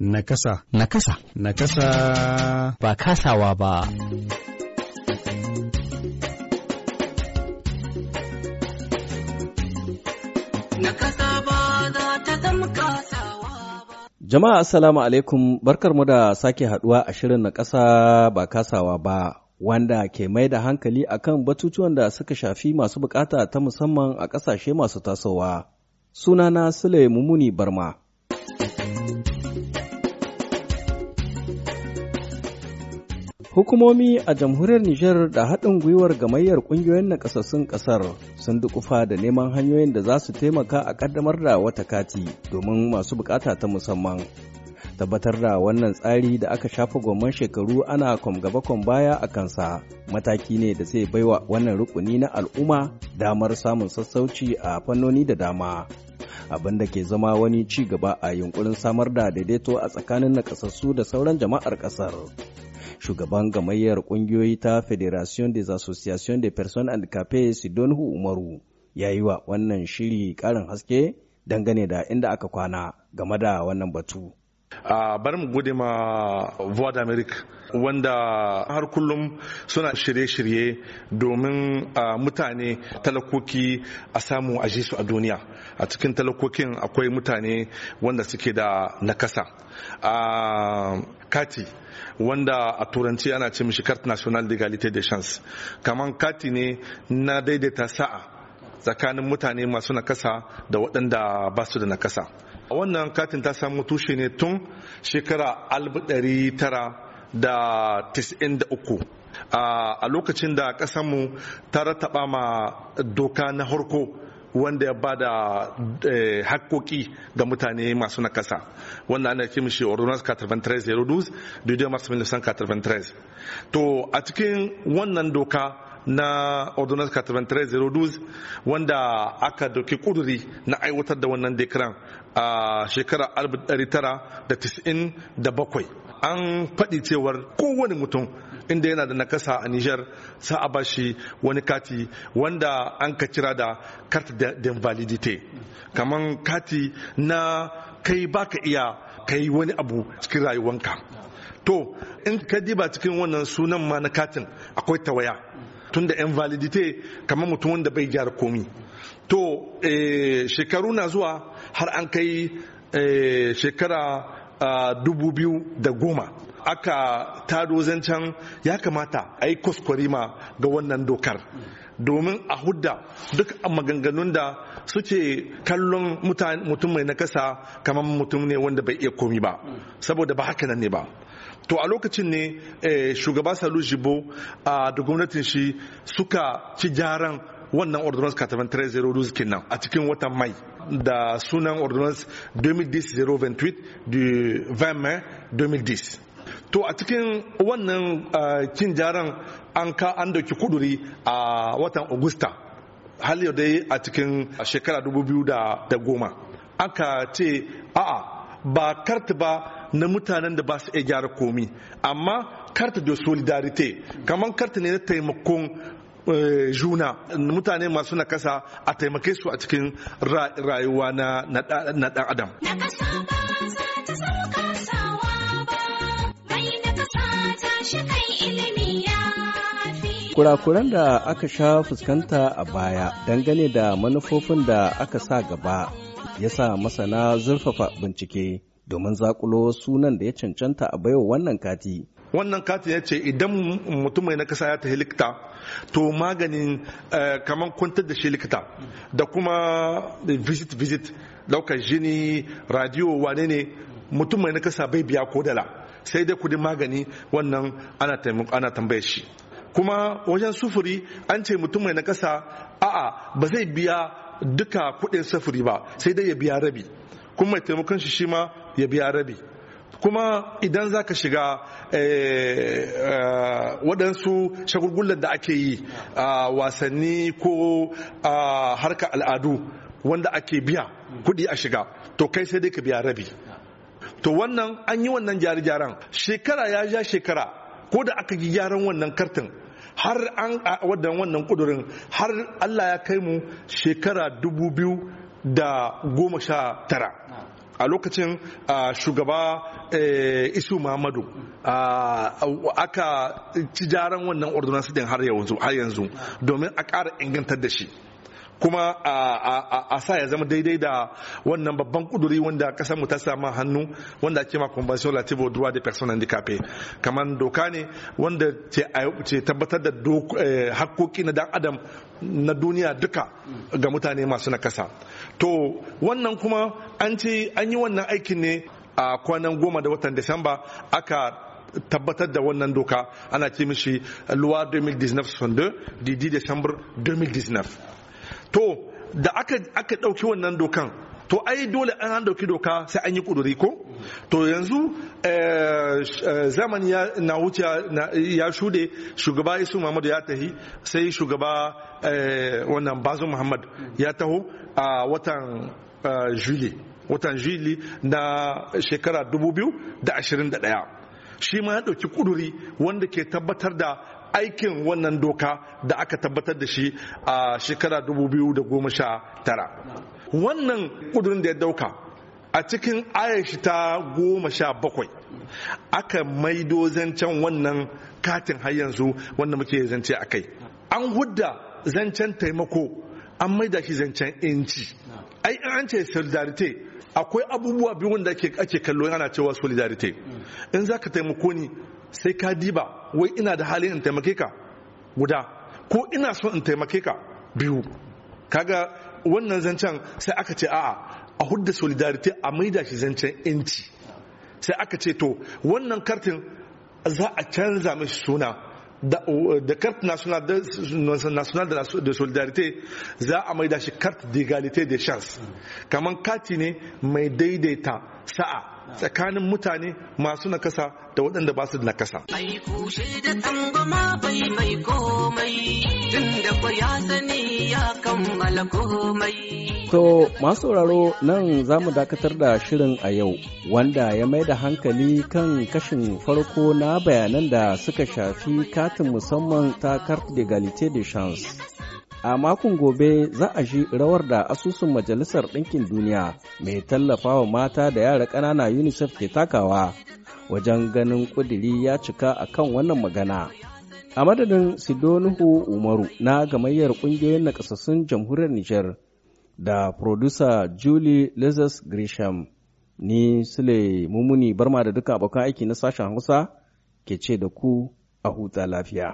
Nakasa. Nakasa. Nakasa. Ba kasawa ba. Nakasa ba za ta zama kasawa ba. Jama'a Assalamu alaikum barkarmu da sake haduwa a shirin na ƙasa ba kasawa ba. Wanda ke mai da hankali a kan batutuwan da suka shafi masu bukata ta musamman a ƙasashe masu tasowa. Sunana Sule Mumuni Barma. Hukumomi a jamhuriyar Nijar da haɗin gwiwar gamayyar ƙungiyoyin nakasassun ƙasar sun dukufa da neman hanyoyin da za su taimaka a ƙaddamar da wata kati domin masu bukata ta musamman. Tabbatar da wannan tsari da aka shafa gwamman shekaru ana gaba kwam baya a kansa mataki ne da zai baiwa wannan rukuni na al'umma damar samun sassauci a fannoni da dama. abin da ke zama wani ci gaba a yunkurin samar da daidaito a tsakanin nakasassu da sauran jama'ar ƙasar. shugaban gamayyar ƙungiyoyi ta Federation des Associations des Personnes Handicapées Sidonhu Umaru ya yi wa wannan shiri ƙarin haske dangane da inda aka kwana game da wannan batu. a bari mu gode ma voie America wanda har kullum suna shirye-shirye domin mutane talakoki a samu a su a duniya a cikin talakokin akwai mutane wanda suke da nakasa a kati wanda a turanci ana ce mishi carte National d'égalité des chances kamar kati ne na daidaita sa'a tsakanin mutane masu nakasa da waɗanda ba su da nakasa A wannan katin ta samu tushe ne tun shekara 1993 a lokacin da kasanmu ta rataba ma doka na harko wanda ya ba da eh, hakkoki ga mutane masu na ƙasa. wannan ana kimi shi ordonance 9302 dudiyar masu 1993 to a cikin wannan doka na ordinance 4302 wanda aka dauki kuduri na aiwatar da wannan dekran a shekarar 1997 an faɗi cewar kowane mutum inda yana da nakasa a Nijar sa a bashi wani kati wanda an ka kira da carte d'invalidité kamar kati na kai baka iya kai wani abu cikin rayuwanka to in ka diba cikin wannan sunan ma na katin akwai tawaya tun tunda invalidite kamar mutum wanda bai gyara komi to eh, shekaru na zuwa har an kai eh, shekara dubu biyu da goma aka tado zancen ya kamata a yi ma ga wannan dokar domin a hudda duk maganganun da suke kallon mutum mai nakasa kamar mutum ne wanda bai iya komi ba saboda ba haka nan ne ba to a lokacin ne eh, shugaba salu jibo a da gwamnatin shi suka ci jaran wannan ordinance katamin 9302 kenan a cikin watan mai da sunan ordinance 2010-028 du 20 mai 2010 to a cikin wannan cin jaran an ka an dauki kuduri a watan augusta har yau dai a cikin shekara 2010 aka ce a'a ba karta ba na mutanen da ba su iya gyara komi amma karta da solidarite kamar karta ne na taimakon eh, juna mutane masu nakasa a taimake su a cikin rayuwa na dan adam kurakuran da aka sha fuskanta a baya dangane da manufofin da aka sa gaba ya sa masana zurfafa bincike domin zakulo sunan da ya cancanta a baiwa wannan kati. Wannan kati ya ce idan mutum mai nakasa ya tafi likita to maganin eh, kamar kwantar da shi likita da kuma visit visit daukar jini radio wane ne mutum mai nakasa bai biya ko dala sai dai kudin magani wannan ana tambaye shi kuma wajen sufuri an ce mutum mai nakasa a'a ba zai biya duka kudin sufuri ba sai dai ya biya rabi kuma mai taimakon shi shi ma ya biya rabi kuma idan za ka shiga eh, eh, waɗansu shagulgullar da ake yi a wasanni ko a harka al'adu wanda ake biya kuɗi a shiga to kai sai dai ka biya rabi to wannan an yi wannan gyare-gyaren shekara ya ja shekara ko da aka yi gyaran wannan kartin har an wadannan wannan kudurin har Allah ya kai mu shekara dubu biyu da goma sha tara a lokacin shugaba eh, isu muhammadu aka ci jaran wannan ordinance din har yanzu domin a ƙara ingantar da shi kuma a sa ya zama daidai da wannan babban kuduri wanda kasar mu ta samu hannu wanda ake ma convention relative au droit des personnes handicapées kamar doka ne wanda ce tabbatar da eh, hakkoki na dan adam na duniya duka ga mutane masu nakasa to wannan kuma an ce an yi wannan aikin ne a kwanan goma da watan disamba aka tabbatar da wannan doka ana ce mishi loi 2019-62 du 10 décembre 2019 to da aka aka ɗauki wannan dokan to ai dole an dauki doka sai an yi kuduri ko to yanzu eh, eh, zamani na wuce ya shude shugaba isu muhammadu ya tahi sai shugaba eh, wannan bazu muhammad ya taho a watan juli watan juli na shekara 2021 shi ma ya ɗauki kuduri wanda ke tabbatar da aikin wannan doka da aka tabbatar da shi a shekara 2019 wannan kudurin da ya dauka a cikin ayashi ta goma sha bakwai aka maido zancen wannan katin har yanzu wanda muke zance a kai an hudda zancen taimako an maida shi zancen inci ai an ce solidarity akwai abubuwa biyu wanda ake kallo ana cewa solidarity in za ka taimako ni sai ka diba wai ina da halin in taimake ka guda ko ina so in taimake ka biyu kaga wannan zancen sai aka ce a'a a hudda solidarity a maida shi zancen inci sai aka ce to wannan kartin za a canza mashi suna da kart national da solidarity za a maida shi kart d'égalité de chance kamar kati ne mai daidaita sa'a tsakanin mutane masu nakasa da waɗanda ba su da nakasa. da tsangwama mai komai, tun da ya kammala komai. To masu sauraro nan za mu dakatar da shirin a yau, wanda ya mai da hankali kan kashin farko na bayanan da suka shafi katin musamman ta carte de galite de chance. A makon gobe za a shi rawar da asusun Majalisar Ɗinkin Duniya mai tallafawa mata da yara ƙanana UNICEF ke takawa wajen ganin ƙudiri ya cika a kan wannan magana. A madadin Sidonuhu Umaru na gamayyar ƙungiyoyin nakasassun jamhuriyar Nijar da producer Julie Lizas Grisham ni Sule Mumuni Barma da duka abokan aiki na sashen Hausa ke ce da ku a huta lafiya.